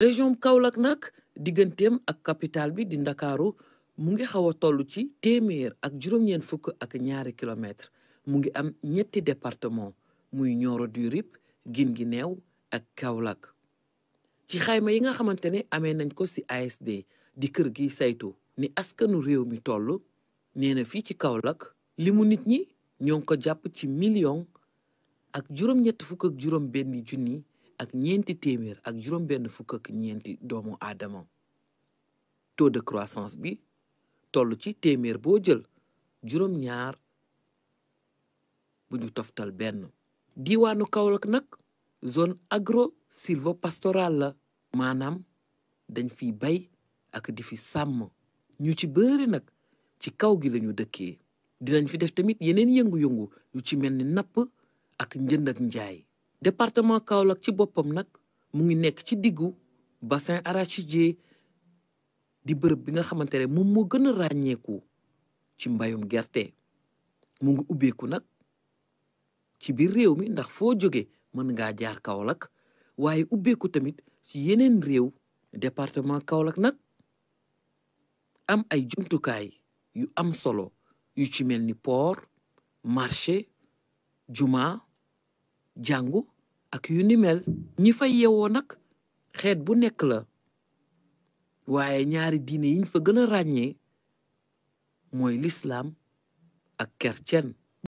région Kaolack nag digganteem ak capitale bi di Ndakaaru mu ngi xaw a toll ci téeméer ak juróom-ñeent ak ñaari kilomètre mu ngi am ñetti département muy Nioro du Rip Guinguinéo ak kawlak ci xayma yi nga xamante ne amee nañ ko ci ASD di kër gi saytu ni askanu réew mi toll nee na fii ci Kaolack limu nit ñi ñoo ngi ko jàpp ci million ak juróom-ñett fukk benn junni ak ñeenti téeméer ak juróom-benn fukk ak ñeenti doomu aadama taux de croissance bi toll ci téeméer boo jël juróom-ñaar bu ñu toftal benn. diiwaanu Kaolack nag zone agro sylvopastorale la. maanaam dañ fi bay ak di fi sàmm ñu ci bëri nag ci kaw gi lañu dëkkee dinañ fi def tamit yeneen yëngu-yëngu yu ci mel ni napp ak njënd ak njaay. département Kaolack ci boppam nag mu ngi nekk ci diggu bassin arachidier di bërëb bi nga xamante ne moom moo gën a ràññeeku ci mbayum gerte mu ngi ubbeeku nag ci biir réew mi ndax foo jóge mën ngaa jaar Kaolack waaye ubbeeku tamit ci yeneen réew département Kaolack nag am ay jumtukaay yu am solo yu ci mel ni port marché juma jàngu ak yu ni mel ñi fa yewoo nag xeet bu nekk la waaye ñaari diine yiñ fa gën a ràññee mooy lislaam ak kercen